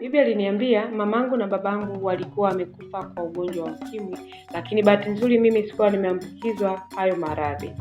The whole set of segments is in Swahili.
Bibi aliniambia mamangu na babangu walikuwa wamekufa kwa ugonjwa wa ukimwi, lakini bahati nzuri mimi sikuwa nimeambukizwa hayo maradhi.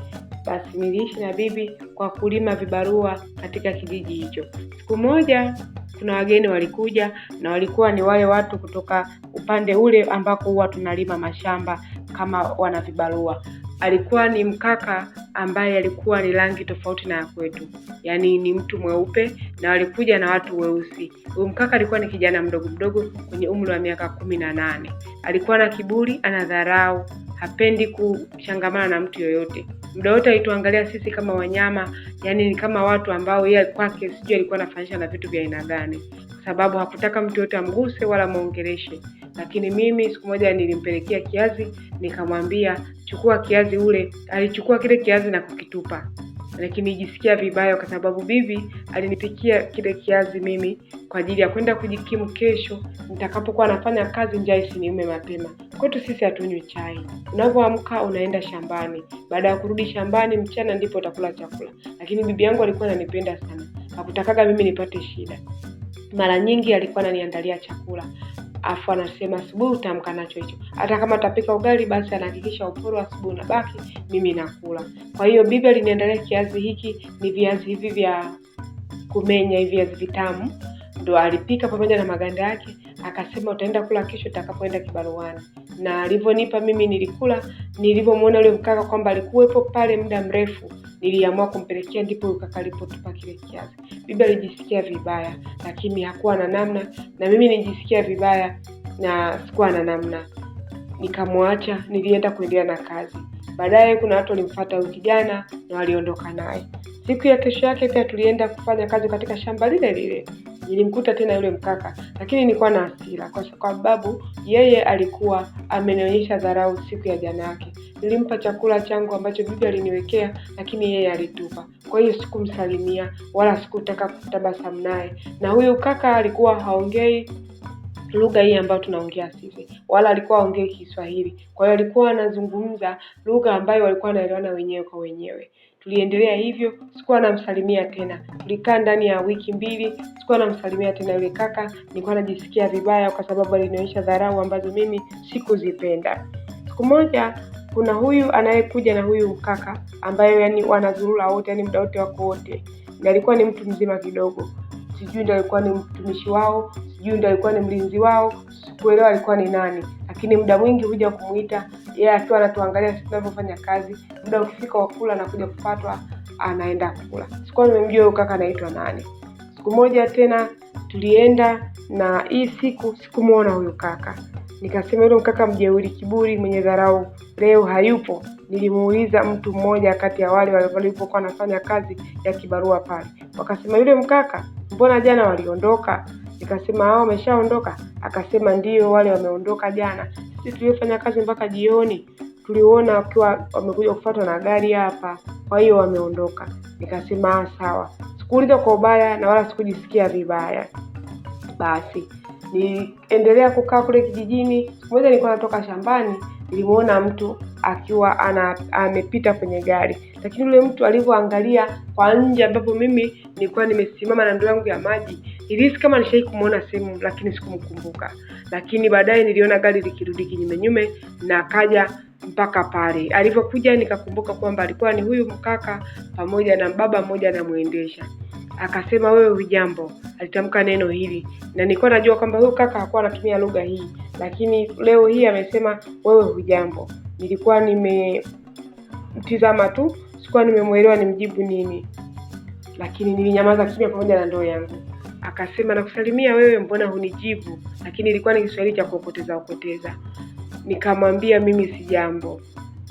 Basi niliishi na bibi kwa kulima vibarua katika kijiji hicho. Siku moja kuna wageni walikuja, na walikuwa ni wale watu kutoka upande ule ambako huwa tunalima mashamba kama wana vibarua alikuwa ni mkaka ambaye alikuwa ni rangi tofauti na ya kwetu, yaani ni mtu mweupe na walikuja na watu weusi. Huyu mkaka alikuwa ni kijana mdogo mdogo kwenye umri wa miaka kumi na nane. Alikuwa na kiburi, anadharau, hapendi kuchangamana na mtu yoyote. Muda wote alituangalia sisi kama wanyama, yaani ni kama watu ambao yeye kwake sijui alikuwa anafanyisha na vitu vya aina gani, kwa sababu hakutaka mtu yoyote amguse wala mwongeleshe. Lakini mimi siku moja nilimpelekea kiazi, nikamwambia alichukua kiazi ule, alichukua kile kiazi na kukitupa, lakini nijisikia vibaya kwa sababu bibi alinipikia kile kiazi mimi kwa ajili ya kwenda kujikimu kesho nitakapokuwa nafanya kazi, njaa isiniume mapema. Kwetu sisi hatunywi chai, unapoamka unaenda shambani, baada ya kurudi shambani mchana ndipo utakula chakula. Lakini bibi yangu alikuwa ananipenda sana, hakutakaga mimi nipate shida. Mara nyingi alikuwa ananiandalia chakula afu anasema asubuhi utamka nacho hicho. Hata kama utapika ugali, basi anahakikisha uporo asubuhi unabaki, mimi nakula. Kwa hiyo Biblia linaendelea, kiazi hiki ni viazi hivi vya kumenya, hivi viazi vitamu ndo alipika pamoja na maganda yake, akasema utaenda kula kesho utakapoenda kibaruani na alivyonipa mimi nilikula. Nilivyomwona yule mkaka kwamba alikuwepo pale muda mrefu, niliamua kumpelekea, ndipo kaka alipotupa kile kiazi. Bibi alijisikia vibaya, lakini hakuwa na namna, na mimi nilijisikia vibaya na sikuwa na namna nikamwacha, nilienda kuendelea na kazi. Baadaye kuna watu walimfuata huyu kijana na waliondoka naye. Siku ya kesho yake pia tulienda kufanya kazi katika shamba lile lile, nilimkuta tena yule mkaka, lakini nilikuwa na hasira kwa sababu yeye alikuwa amenionyesha dharau siku ya jana yake. Nilimpa chakula changu ambacho bibi aliniwekea, lakini yeye alitupa. Kwa hiyo sikumsalimia wala sikutaka kutabasamu naye, na huyu kaka alikuwa haongei lugha hii ambayo tunaongea sisi, wala alikuwa aongee Kiswahili. Kwa hiyo alikuwa anazungumza lugha ambayo walikuwa wanaelewana wenyewe kwa wenyewe. Tuliendelea hivyo, sikuwa namsalimia tena. Tulikaa ndani ya wiki mbili, sikuwa namsalimia tena yule kaka. Nilikuwa najisikia vibaya kwa sababu alinionyesha dharau ambazo mimi sikuzipenda. Siku moja kuna huyu anayekuja na huyu kaka ambaye yani wanazurura wote, yani muda wote wako wote, na alikuwa ni mtu mzima kidogo, sijui ndio alikuwa ni mtumishi wao, sijui ndio alikuwa ni mlinzi wao, sikuelewa alikuwa ni nani, lakini muda mwingi huja kumwita yeye, akiwa anatuangalia sisi tunavyofanya kazi. Muda ukifika wa kula na kuja kupatwa, anaenda kula. Sikuwa nimemjua huyo kaka anaitwa nani. Siku moja tena tulienda na hii siku sikumwona huyo kaka, nikasema yule mkaka mjeuri, kiburi, mwenye dharau, leo hayupo. Nilimuuliza mtu mmoja kati ya wale walipokuwa wanafanya kazi ya kibarua pale, wakasema yule mkaka, mbona jana waliondoka? Nikasema hao wameshaondoka? Akasema ndio, wale wameondoka jana. Sisi tuliofanya kazi mpaka jioni tuliona wakiwa wamekuja kufuatwa na gari hapa, kwa hiyo wameondoka. Nikasema ah, sawa, sikuuliza kwa ubaya na wala sikujisikia vibaya. Basi niendelea kukaa kule kijijini. Siku moja nilikuwa natoka shambani, nilimuona mtu akiwa ana amepita kwenye gari, lakini yule mtu alivyoangalia kwa nje ambapo mimi nilikuwa nimesimama na ndoo yangu ya maji Ilisi kama nishai kumwona simu lakini sikumkumbuka, lakini baadaye niliona gari likirudi kinyume nyume na akaja mpaka pale alivyokuja, nikakumbuka kwamba alikuwa ni huyu mkaka pamoja na baba mmoja anamwendesha. Akasema, wewe hujambo, alitamka neno hili, na nilikuwa najua kwamba huyu kaka hakuwa anatumia lugha hii, lakini leo hii amesema wewe hujambo. Nilikuwa nimemtizama tu, sikuwa nimemwelewa nimjibu nini, lakini nilinyamaza kimya pamoja na ndoo yangu akasema nakusalimia wewe, mbona hunijibu? Lakini ilikuwa ni Kiswahili cha kuokoteza okoteza. Nikamwambia mimi si jambo,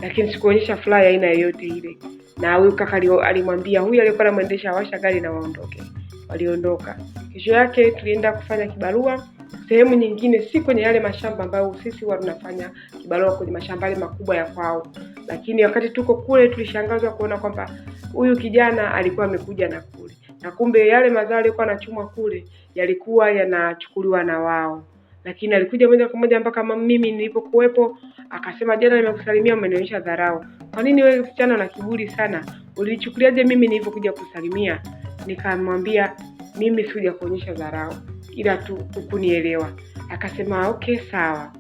lakini sikuonyesha furaha ya aina yoyote ile. Na huyu kaka alimwambia huyu aliyekuwa anamwendesha washa gari na waondoke. Waliondoka. Kesho yake tulienda kufanya kibarua sehemu nyingine, si kwenye yale mashamba ambayo sisi huwa tunafanya kibarua kwenye mashamba yale makubwa ya kwao. Lakini wakati tuko kule tulishangazwa kuona kwamba huyu kijana alikuwa amekuja na kule na kumbe yale mazao yaliyokuwa yanachumwa kule yalikuwa yanachukuliwa na wao, lakini alikuja moja kwa moja mpaka mimi nilipokuwepo, akasema jana nimekusalimia umenionyesha dharau. Kwa nini wewe msichana na kiburi sana, ulichukuliaje mimi nilivyokuja kusalimia? Nikamwambia mimi sikuja kuonyesha dharau, ila tu hukunielewa. Akasema okay, sawa,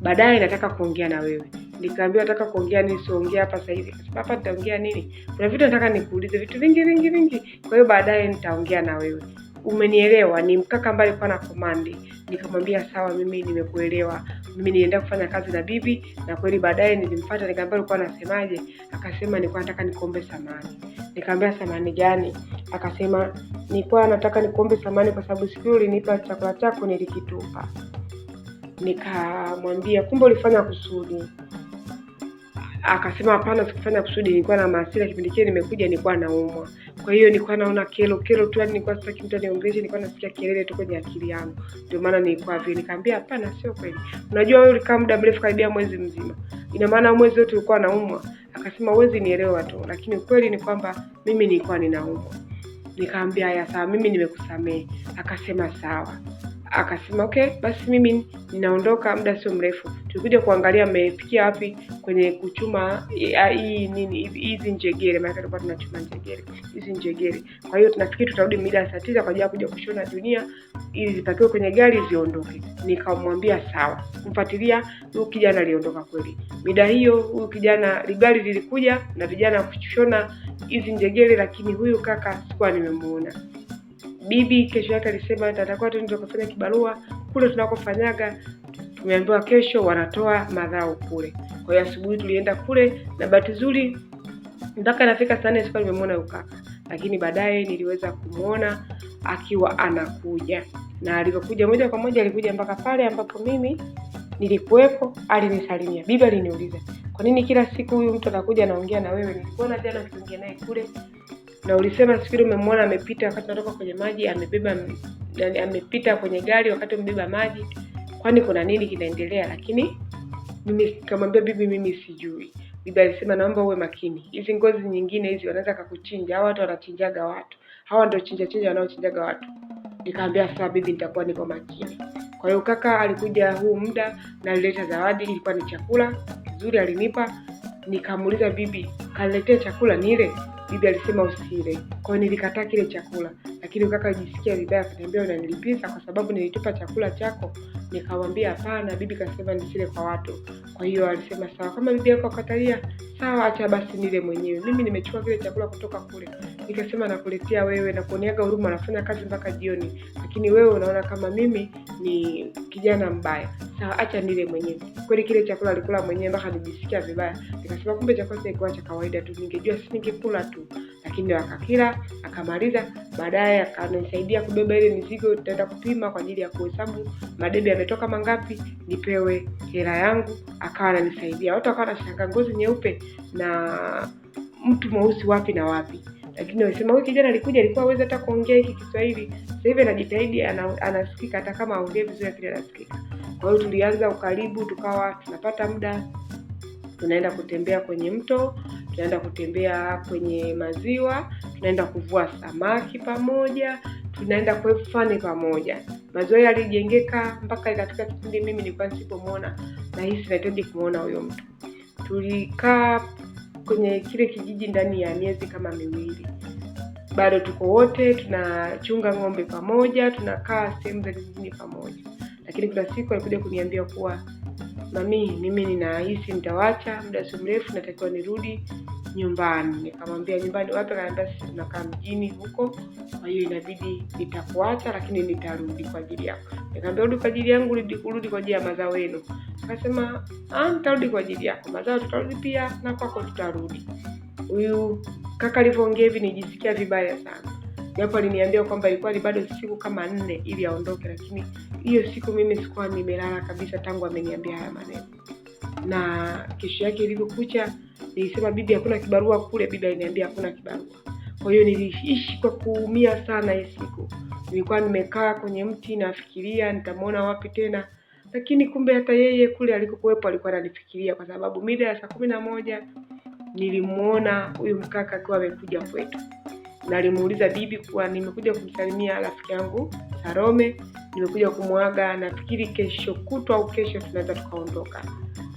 baadaye nataka kuongea na wewe nikaambia nataka kuongea nini, siongea hapa sasa hivi. Kasema hapa nitaongea nini? Kuna vitu nataka nikuulize, vitu vingi vingi vingi, kwa hiyo baadaye nitaongea na wewe. Umenielewa? Ni mkaka ambaye alikuwa na komandi. Nikamwambia sawa, mimi nimekuelewa. Mimi nilienda kufanya kazi na bibi, na kweli baadaye nilimfuata, nikamwambia alikuwa anasemaje? Akasema nilikuwa nataka nikombe samani. Nikamwambia samani gani? Akasema nilikuwa nataka nikombe samani kwa sababu siku ulinipa chakula chako nilikitupa. Nikamwambia kumbe ulifanya kusudi akasema hapana, sikufanya kusudi, nilikuwa na maasira. Kipindi kile nimekuja nilikuwa naumwa, kwa hiyo nilikuwa naona kelo kelo tu, yani nilikuwa sitaki mtu aniongeze, nilikuwa nasikia kelele tu kwenye akili yangu, ndio maana nilikuwa vile. Nikamwambia hapana, sio kweli, unajua wewe ulikaa muda mrefu, karibia mwezi mzima, ina maana mwezi wote ulikuwa naumwa. Akasema uwezi nielewa tu, lakini ukweli ni kwamba mimi nilikuwa ninaumwa. Nikamwambia haya, sawa, mimi nimekusamehe. Akasema sawa akasema okay, basi mimi ninaondoka, muda sio mrefu. tukuja kuangalia mmefikia wapi kwenye kuchuma hii nini, hizi njegere, maana tulikuwa tunachuma njegere, hizi njegere. Kwa hiyo tunafikiri tutarudi mida ya saa tisa kwa ajili ya kuja kushona dunia ili zipakiwe kwenye gari ziondoke. Nikamwambia sawa, kumfuatilia huyu kijana. Aliondoka kweli, mida hiyo huyu kijana, gari lilikuja na vijana kushona hizi njegere, lakini huyu kaka sikuwa nimemuona bibi kesho yake alisema tu ndio kufanya kibarua kule tunakofanyaga, tumeambiwa kesho wanatoa madhao kule. Kwa hiyo asubuhi tulienda kule, na bahati nzuri mpaka nafika saa nne sikuwa nimemwona ukaka, lakini baadaye niliweza kumwona akiwa anakuja, na alivyokuja moja kwa moja alikuja mpaka pale ambapo mimi nilikuwepo. Alinisalimia, bibi aliniuliza, kwa nini kila siku huyu mtu anakuja anaongea na wewe? Nilikuona jana ukiongea naye kule na ulisema siku umemwona amepita wakati natoka kwenye maji, amebeba amepita kwenye gari wakati umebeba maji, kwani kuna nini kinaendelea? Lakini mimi kamwambia bibi, mimi sijui. Bibi alisema naomba uwe makini, hizi ngozi nyingine hizi wanaweza kakuchinja. Hawa watu wanachinjaga watu, hawa ndio chinja chinja wanaochinjaga watu. Nikaambia sawa bibi, nitakuwa niko makini. Kwa hiyo kaka alikuja huu muda na alileta zawadi, ilikuwa ni chakula kizuri alinipa. Nikamuuliza bibi, kaniletea chakula nile? bibi alisema usile. Kwa hiyo nilikataa kile chakula, lakini kaka alijisikia vibaya, akaniambia unanilipiza kwa sababu nilitupa chakula chako. Nikamwambia hapana, bibi kasema nisile kwa watu. Kwa hiyo alisema sawa, kama bibi yako akatalia, sawa, acha basi nile mwenyewe. Mimi nimechukua kile chakula kutoka kule, nikasema nakuletea wewe na kuoneaga huruma, nafanya kazi mpaka jioni, lakini wewe unaona kama mimi ni kijana mbaya. Sawa, acha nile mwenyewe. Kweli kile chakula alikula mwenyewe mpaka nijisikia vibaya, nikasema kumbe chakula kilikuwa cha kawaida tu, ningejua si ningekula tu lakini akakila akamaliza. Baadaye akanisaidia kubeba ile mizigo, tutaenda kupima kwa ajili ya kuhesabu madebe yametoka mangapi, nipewe hela yangu. Akawa ananisaidia, watu wakawa nashanga ngozi nyeupe na mtu mweusi wapi na wapi lakini walisema huyu kijana alikuja, alikuwa hawezi hata kuongea hiki Kiswahili. Sasa hivi anajitahidi, anasikika, hata kama aongee vizuri, lakini anasikika. Kwa hiyo tulianza ukaribu, tukawa tunapata muda tunaenda kutembea kwenye mto, tunaenda kutembea kwenye maziwa, tunaenda kuvua samaki pamoja, tunaenda kwe pamoja. Mazoea yalijengeka mpaka katika kipindi mimi nilikuwa nisipomwona, nahisi nahitaji kumwona huyo mtu. Tulikaa kwenye kile kijiji ndani ya miezi kama miwili bado tuko wote tunachunga ng'ombe pamoja, tunakaa sehemu za kijijini pamoja, lakini kuna siku alikuja kuniambia kuwa mami, mimi ninahisi nitawacha muda sio mrefu, natakiwa nirudi nyumbani. Nikamwambia nyumbani wapi? Kaniambia sisi tunakaa mjini huko, kwa hiyo inabidi nitakuacha, lakini nitarudi kwa ajili yako. Nikamwambia rudi kwa ajili yangu, rudi kwa ajili ya mazao yenu? Akasema ah, nitarudi kwa ajili yako, mazao tutarudi pia na kwako tutarudi. Huyu kaka alivyoongea hivi nijisikia vibaya sana japo aliniambia kwamba ilikuwa ni bado siku kama nne ili aondoke, lakini hiyo siku mimi sikuwa nimelala kabisa tangu ameniambia haya maneno. Na kesho yake ilivyokucha, nilisema bibi, hakuna kibarua kule. Bibi aliniambia hakuna kibarua. Kwa hiyo niliishi kwa kuumia sana hii siku. Nilikuwa nimekaa kwenye mti nafikiria nitamwona wapi tena, lakini kumbe hata yeye kule alikokuwepo alikuwa ananifikiria, kwa sababu mida ya saa kumi na moja nilimwona huyu mkaka akiwa amekuja kwetu na alimuuliza bibi kuwa nimekuja kumsalimia rafiki yangu Salome, nimekuja kumwaga, nafikiri kesho kutwa au kesho tunaweza tukaondoka.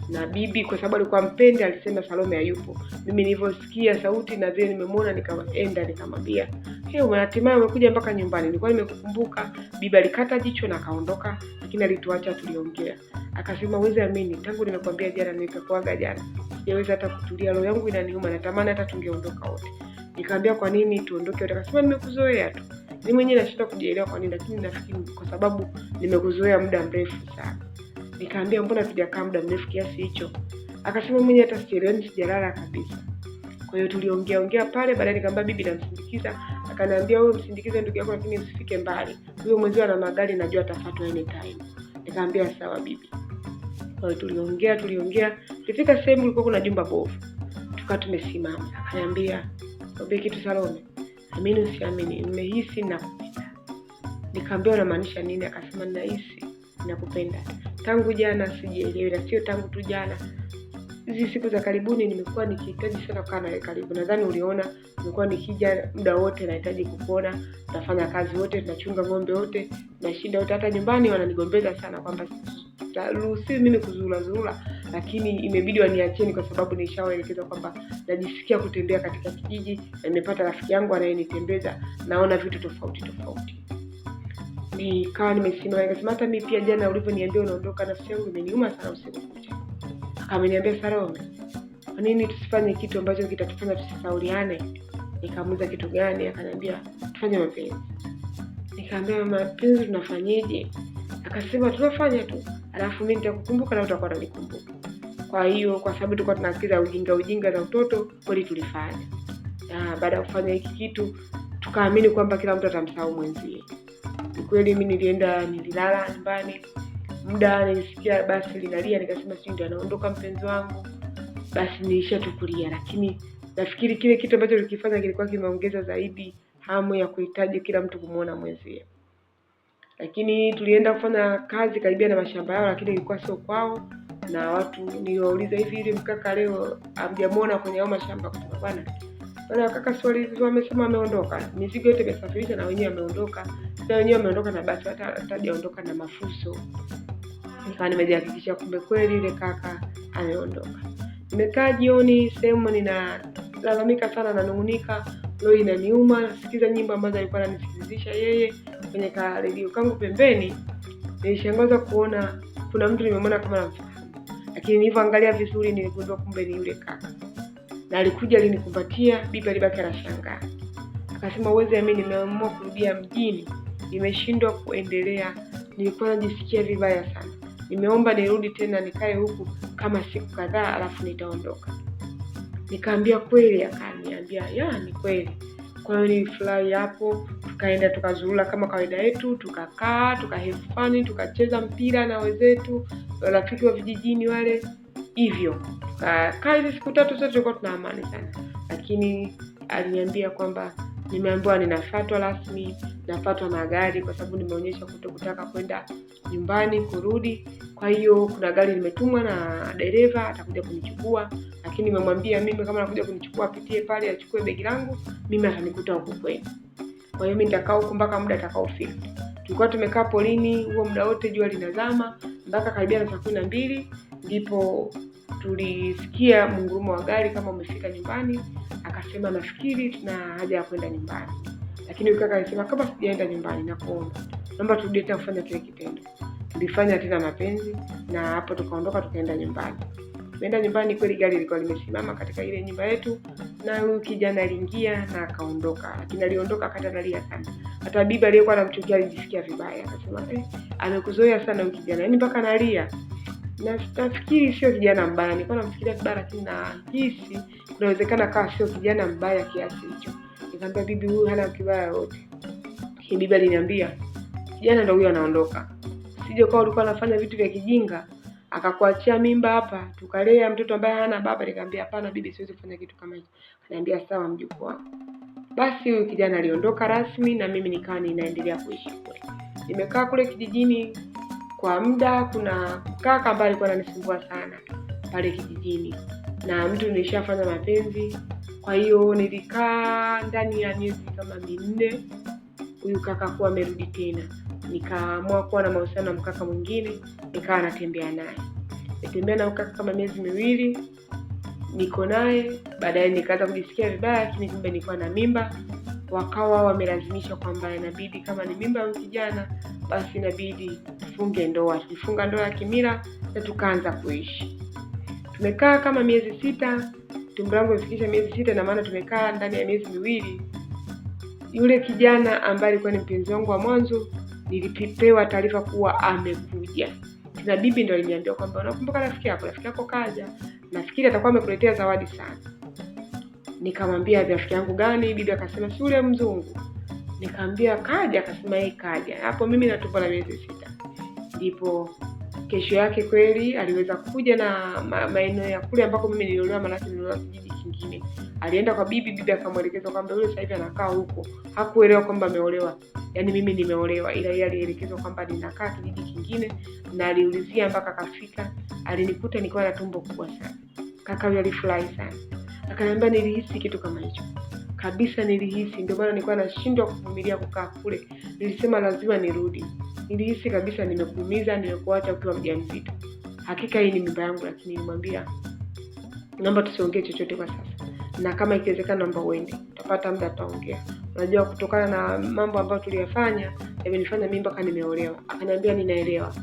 Na bibi kwa sababu alikuwa mpende, alisema Salome hayupo. Mimi nilivyosikia sauti na vile nimemwona, nikaenda nikamwambia, hey, hatimaye umekuja mpaka nyumbani, nilikuwa nimekukumbuka. Bibi alikata jicho na akaondoka, lakini alituacha tuliongea. Akasema uweze amini, tangu nimekwambia jana, nikakuaga jana, sijaweza hata kutulia, roho yangu inaniuma, natamani hata tungeondoka wote Nikamwambia kwa nini tuondoke wote? Akasema nimekuzoea tu. Mimi mwenyewe nashindwa kujielewa kwa nini, lakini nafikiri kwa sababu nimekuzoea muda mrefu sana. Nikaambia mbona tujakaa muda mrefu kiasi hicho? Akasema mwenyewe hata sielewi, sijalala kabisa. Kwa hiyo tuliongea ongea pale, baadaye nikamwambia bibi namsindikiza, akaniambia wewe msindikize ndugu yako, lakini usifike mbali, huyo mwenzio ana magari, najua atafuatwa anytime. Nikaambia sawa bibi. Kwa hiyo tuliongea tuliongea, tulifika sehemu kulikuwa kuna jumba bovu, tukaa tumesimama, akaniambia Nikwambie kitu Salome, amini usiamini, nimehisi nakupenda. Nikaambia unamaanisha nini? Akasema nahisi nakupenda tangu jana, sijielewi, na sio tangu tu jana hizi siku za karibuni nimekuwa nikihitaji sana kukaa nawe karibu. Nadhani uliona nimekuwa nikija muda wote, nahitaji kukuona. Tunafanya kazi wote, tunachunga ng'ombe wote, na shida wote, hata nyumbani wananigombeza sana kwamba sitaruhusiwi mimi kuzurazura, lakini imebidi waniacheni kwa sababu nishawaelekeza kwamba najisikia kutembea katika kijiji na nimepata rafiki yangu anayenitembeza, naona vitu tofauti tofauti. Nikawa nimesimama nikasema, hata mi pia jana ulivyoniambia unaondoka, nafsi yangu imeniuma sana usiku kucha. Ameniambia Salome, kwa nini tusifanye kitu ambacho kitatufanya tusisauliane? Nikamuuliza kitu gani? Akaniambia tufanye mapenzi. Nikaambia mapenzi tunafanyeje? Akasema tunafanya tu alafu mi nitakukumbuka na utakuwa unanikumbuka. Kwa hiyo kwa sababu tulikuwa tunasikiza ujinga ujinga za utoto, kweli tulifanya. Na Baada ya kufanya hiki kitu, tukaamini kwamba kila mtu atamsahau mwenzie. Ni kweli, mi nilienda, nililala nyumbani muda, nilisikia basi linalia, nikasema si ndio anaondoka mpenzi wangu, basi niisha tukulia, lakini nafikiri kile kitu ambacho tulikifanya kilikuwa kimeongeza zaidi hamu ya kuhitaji kila mtu kumwona mwenzie lakini tulienda kufanya kazi karibia na mashamba yao, lakini ilikuwa sio kwao, na watu niliwauliza, hivi ile mkaka leo amjamona kwenye hao mashamba? Kusema bwana bwana kaka swali amesema ameondoka, mizigo yote imesafirisha na wenyewe ameondoka, na wenyewe ameondoka na basi, hata hatajaondoka na mafuso. Nikawa nimejihakikisha kumbe kweli ile kaka ameondoka. Nimekaa jioni sehemu, ninalalamika sana, nanung'unika leo inaniuma, nasikiza nyimbo ambazo alikuwa ananisikilizisha yeye kwenye ka kangu pembeni. Nilishangaza kuona kuna mtu nimemwona kama namfahamu, lakini nilivyoangalia vizuri niligundua kumbe ni yule kaka, na alikuja alinikumbatia. Bibi alibaki anashangaa, akasema huwezi amini, nimeamua kurudia mjini, nimeshindwa kuendelea, nilikuwa najisikia vibaya sana, nimeomba nirudi tena nikae huku kama siku kadhaa, alafu nitaondoka. Nikaambia kweli, akaniambia ya ni kweli. Kwa hiyo nilifurahi hapo, tukaenda tukazurula kama kawaida yetu, tukakaa tukahefani tukacheza mpira na wenzetu rafiki wa vijijini wale hivyo. Tukakaa hizi siku tatu zote tulikuwa tuna amani sana, lakini aliniambia kwamba nimeambiwa nina fatwa rasmi, nafatwa na gari kwa sababu nimeonyesha kutokutaka kwenda nyumbani kurudi. Kwa hiyo kuna gari limetumwa na dereva atakuja kunichukua, lakini nimemwambia mimi kama anakuja kunichukua apitie pale achukue begi langu, mimi atanikuta huko kwenu. Kwa hiyo mimi nitakaa huko mpaka muda atakaofika. Tulikuwa tumekaa polini huo muda wote, jua linazama mpaka karibia na saa kumi na mbili ndipo tulisikia mngurumo wa gari kama umefika nyumbani, akasema nafikiri tuna haja ya kwenda nyumbani, lakini huyu kaka alisema kama sijaenda nyumbani nakuona, naomba turudie tena kufanya kile kitendo. Tulifanya tena mapenzi na hapo tukaondoka, tukaenda nyumbani. Tumeenda nyumbani, kweli gari ilikuwa limesimama katika ile nyumba yetu, na huyu kijana aliingia na akaondoka, lakini aliondoka akati analia sana. Hata bibi aliyekuwa anamchukia alijisikia vibaya, akasema eh, amekuzoea sana huyu kijana, yaani mpaka analia nafikiri sio kijana mbaya, nilikuwa namfikiria vibaya, lakini nahisi kunawezekana kawa sio kijana mbaya kiasi hicho. Nikaambia bibi, huyu hana kibaya yoyote. Bibi aliniambia kijana ndo huyo anaondoka, sije kwa ulikuwa anafanya vitu vya kijinga akakuachia mimba hapa tukalea mtoto ambaye hana baba. Nikamwambia hapana bibi, siwezi kufanya kitu kama hicho. Ananiambia sawa mjukuu wangu. Basi huyu kijana aliondoka rasmi, na mimi nikawa ninaendelea kuishi kule. Nimekaa kule kijijini kwa muda. Kuna kaka ambaye alikuwa ananisumbua sana pale kijijini, na mtu nilishafanya mapenzi. Kwa hiyo nilikaa ndani ya miezi kama minne, huyu kaka kuwa amerudi tena, nikaamua kuwa na mahusiano na mkaka mwingine, nikawa natembea naye. Nitembea na kaka kama miezi miwili, niko naye. Baadaye nikaanza kujisikia vibaya, lakini kumbe nilikuwa na mimba wakawa wamelazimishwa kwamba inabidi kama ni mimba ya kijana basi inabidi tufunge ndoa. Tulifunga ndoa ya kimila na tukaanza kuishi. Tumekaa kama miezi sita, tumbo langu miezi sita, na maana tumekaa ndani ya miezi miwili. Yule kijana ambaye alikuwa ni mpenzi wangu wa mwanzo, nilipewa taarifa kuwa amekuja na bibi ndo aliniambia kwamba unakumbuka rafiki yako, rafiki yako kaja, nafikiri atakuwa amekuletea zawadi sana nikamwambia rafiki yangu gani bibi, akasema si mzungu. Nikamwambia kaja, akasema yeye kaja. Hapo mimi natupa na miezi sita, ndipo kesho yake kweli aliweza kuja na maeneo ya kule ambako mimi niliolewa, maanake niliolewa kijiji kingine. Alienda kwa bibi, bibi akamwelekeza kwamba yule sasa hivi anakaa huko. Hakuelewa kwamba ameolewa, yaani mimi nimeolewa, ila yeye alielekezwa kwamba ninakaa kijiji kingine, na aliulizia mpaka akafika. Alinikuta nikiwa na tumbo kubwa sana. Kaka yule alifurahi sana. Akaniambia nilihisi kitu kama hicho kabisa, nilihisi. Ndio maana nilikuwa nashindwa kuvumilia kukaa kule, nilisema lazima nirudi. Nilihisi kabisa nimekuumiza, nimekuacha ukiwa mjamzito. Hakika hii ni mimba yangu, lakini nimwambia naomba tusiongee chochote kwa sasa, na kama ikiwezekana naomba uende, utapata muda tutaongea. Unajua, kutokana na mambo ambayo tuliyafanya yamenifanya mimi mpaka nimeolewa. Akaniambia ninaelewa,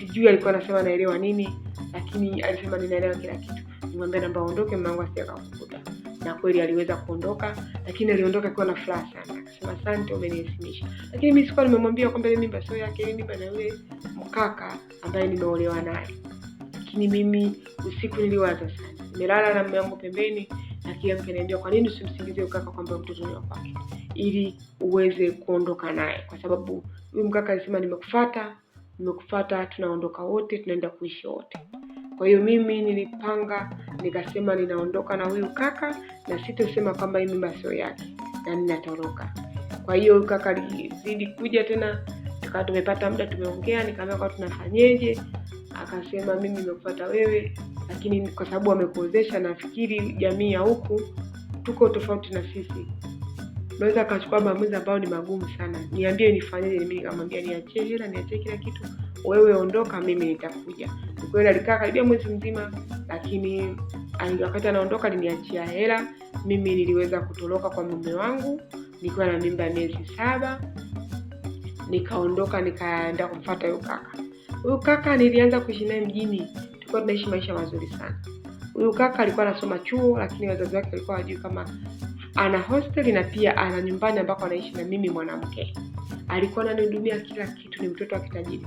sijui alikuwa anasema naelewa nini, lakini alisema ninaelewa kila kitu. Nilimwambia namba aondoke, mama asije akamkuta. Na kweli aliweza kuondoka, lakini aliondoka akiwa na furaha sana. Akasema asante, umeniheshimisha. Lakini mimi sikuwa nimemwambia kwamba ile mimba sio yake, ile mimba na yule mkaka ambaye nimeolewa naye. Lakini mimi usiku niliwaza sana. Nimelala na mume wangu pembeni, na kila kwa nini usimsingizie ukaka kwamba mtoto ni wa kwake ili uweze kuondoka naye, kwa sababu huyu mkaka alisema nimekufata, nimekufata, tunaondoka wote, tunaenda kuishi wote. Kwa hiyo mimi nilipanga nikasema, ninaondoka na huyu kaka na sitosema kwamba hii mimba sio yake na ninatoroka. Kwa hiyo kaka alizidi kuja tena, tukawa tumepata muda tumeongea, nikaambia kwa tunafanyeje, akasema mimi nimekupata wewe, lakini kwa sababu amekuozesha, nafikiri jamii ya huku tuko tofauti na sisi naweza akachukua maamuzi ambayo ni magumu sana. Niambie nifanyeje? Mimi nikamwambia niachie hela, niachie kila kitu, wewe ondoka, mimi nitakuja. Kwa hiyo alikaa karibia mwezi mzima, lakini wakati anaondoka aliniachia hela. Mimi niliweza kutoroka kwa mume wangu nikiwa na mimba ya miezi saba, nikaondoka nikaenda kumfata huyo kaka. Huyu kaka nilianza kuishi naye mjini, tulikuwa tunaishi maisha mazuri sana. Huyu kaka alikuwa anasoma chuo, lakini wazazi wake walikuwa hawajui kama ana hosteli na pia ana nyumbani ambako anaishi na mimi mwanamke. Alikuwa ananihudumia kila kitu, ni mtoto wa kitajiri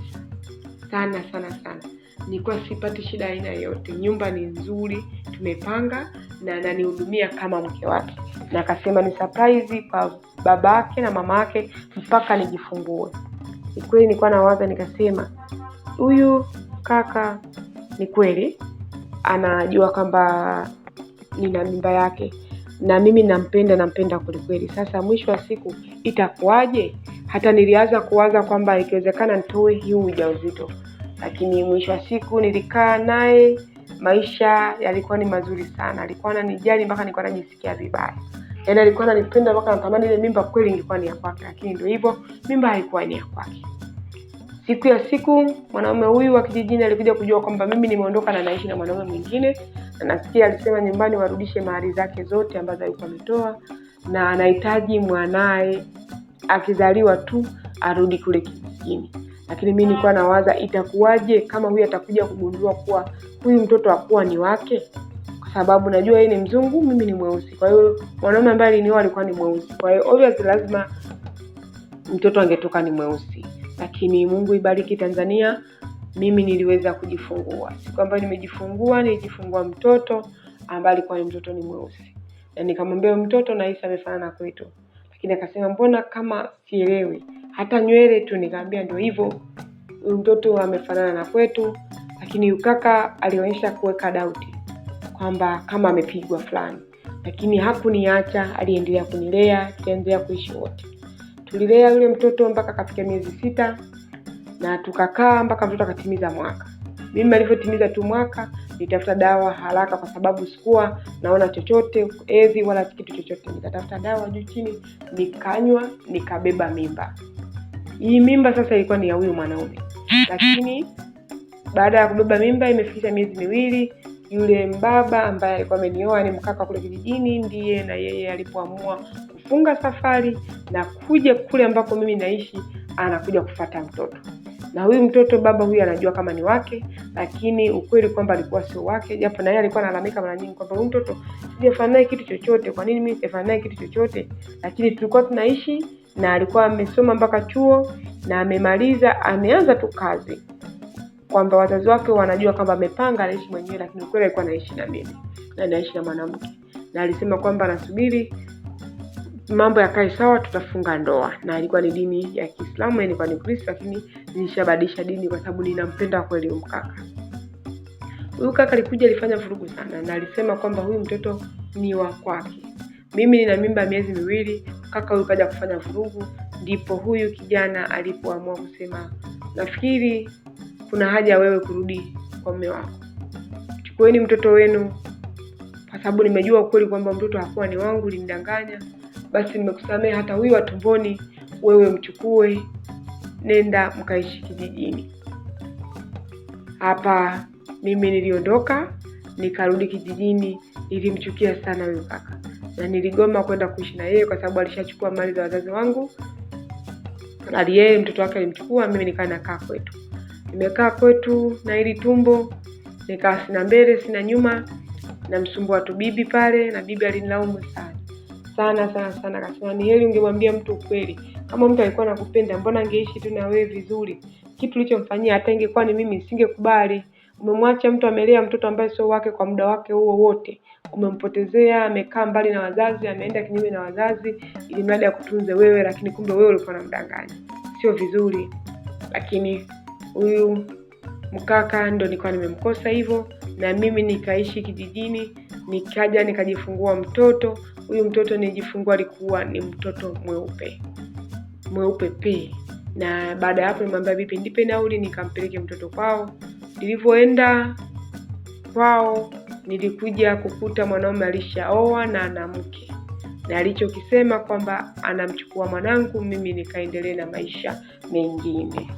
sana sana sana sana nilikuwa sipati shida aina yoyote. Nyumba ni nzuri, tumepanga na ananihudumia kama mke wake, na akasema ni surprise kwa babake na mamake mpaka nijifungue. Ni kweli nilikuwa nawaza, nikasema huyu kaka ni kweli anajua kwamba nina mimba yake na mimi nampenda, nampenda kwelikweli. Sasa mwisho wa siku itakuwaje? Hata nilianza kuwaza kwamba ikiwezekana nitoe hii ujauzito lakini mwisho wa siku nilikaa naye, maisha yalikuwa ni mazuri sana. Alikuwa ananijali mpaka nilikuwa najisikia vibaya, yaani alikuwa ananipenda mpaka natamani ile mimba kweli ingekuwa ni ya kwake, lakini ndio hivyo, mimba haikuwa ni ya kwake. Siku ya siku mwanaume huyu wa kijijini alikuja kujua kwamba mimi nimeondoka na naishi na mwanaume mwingine, na nasikia alisema nyumbani warudishe mahari zake zote ambazo alikuwa ametoa, na anahitaji mwanaye akizaliwa tu arudi kule kijijini lakini mi nilikuwa nawaza itakuwaje kama huyu atakuja kugundua kuwa huyu mtoto akuwa ni wake, kwa sababu najua yeye ni mzungu, mimi ni mweusi. Kwa hiyo mwanaume ambaye alinioa alikuwa ni mweusi, kwa hiyo obviously lazima mtoto angetoka ni mweusi. Lakini Mungu ibariki Tanzania, mimi niliweza kujifungua. Siku ambayo nimejifungua, nilijifungua mtoto ambaye alikuwa ni mtoto ni mweusi, na nikamwambia mtoto, nahisi amefanana kwetu, lakini akasema mbona kama sielewi hata nywele tu, nikaambia ndio hivyo, mtoto amefanana na kwetu, lakini ukaka alionyesha kuweka doubt kwamba kama amepigwa fulani, lakini hakuniacha, aliendelea kunilea, tukaendelea kuishi wote. Tulilea yule mtoto mpaka akafika miezi sita na tukakaa mpaka mtoto akatimiza mwaka. Mimi alivyotimiza tu mwaka nitafuta dawa haraka, kwa sababu sikuwa naona chochote hedhi wala kitu chochote. Nikatafuta dawa juu chini, nikanywa, nikabeba mimba. Hii mimba sasa ilikuwa ni ya huyu mwanaume, lakini baada ya kubeba mimba imefikisha miezi miwili, yule mbaba ambaye alikuwa amenioa ni mkaka kule kijijini, ndiye na yeye alipoamua kufunga safari na kuja kule ambako mimi naishi, anakuja kufata mtoto na huyu mtoto baba huyu anajua kama ni wake, lakini ukweli kwamba alikuwa sio wake, japo na yeye alikuwa analalamika mara nyingi kwamba huyu mtoto sijafanya kitu chochote. Kwa nini mimi sijafanya kitu chochote? Lakini tulikuwa tunaishi na alikuwa amesoma mpaka chuo na amemaliza, ameanza tu kazi, kwamba wazazi wake wanajua kwamba amepanga anaishi mwenyewe, lakini ukweli alikuwa anaishi na mimi na anaishi na mwanamke, na alisema kwamba anasubiri mambo yakae sawa, tutafunga ndoa. Na alikuwa ni dini ya Kiislamu, nilikuwa yaani ni Kristo, lakini nilishabadilisha dini kwa sababu ninampenda kweli mkaka huyu. Kaka alikuja alifanya vurugu sana, na alisema kwamba huyu mtoto ni wa kwake. Mimi nina mimba miezi miwili, kaka huyu kaja kufanya vurugu. Ndipo huyu kijana alipoamua kusema, nafikiri kuna haja wewe kurudi kwa mume wako, chukueni mtoto wenu, kwa sababu nimejua ukweli kwamba mtoto hakuwa ni wangu, ulimdanganya. Basi nimekusamehe hata huyu wa tumboni, wewe mchukue, nenda mkaishi kijijini. Hapa mimi niliondoka nikarudi kijijini, nilimchukia sana huyu kaka na niligoma kwenda kuishi na yeye kwa sababu alishachukua mali za wazazi wangu. Ali yeye mtoto wake alimchukua, mimi nikaa nakaa kwetu. Nimekaa kwetu na ili tumbo, nikaa sina mbele sina nyuma, namsumbua tu bibi pale, na bibi alinilaumu sana sana sana sana, akasema ni heri ungemwambia mtu ukweli. Kama mtu alikuwa anakupenda mbona angeishi tu na wewe vizuri? Kitu ulichomfanyia hata ingekuwa ni mimi, singekubali. Umemwacha mtu amelea mtoto ambaye sio wake kwa muda wake huo wote, umempotezea, amekaa mbali na wazazi, ameenda kinyume na wazazi, ili mradi ya kutunze wewe, lakini kumbe wewe ulikuwa na mdanganyi. Sio vizuri, lakini huyu mkaka ndo nilikuwa nimemkosa hivyo, na mimi nikaishi kijijini, nikaja nikajifungua mtoto. Huyu mtoto nijifungua alikuwa ni mtoto mweupe mweupe pe, na baada ya hapo nimwambia bibi, nipe nauli nikampeleke mtoto kwao. Nilivyoenda kwao nilikuja kukuta mwanaume alishaoa na ana mke, na alichokisema kwamba anamchukua mwanangu, mimi nikaendelee na maisha mengine.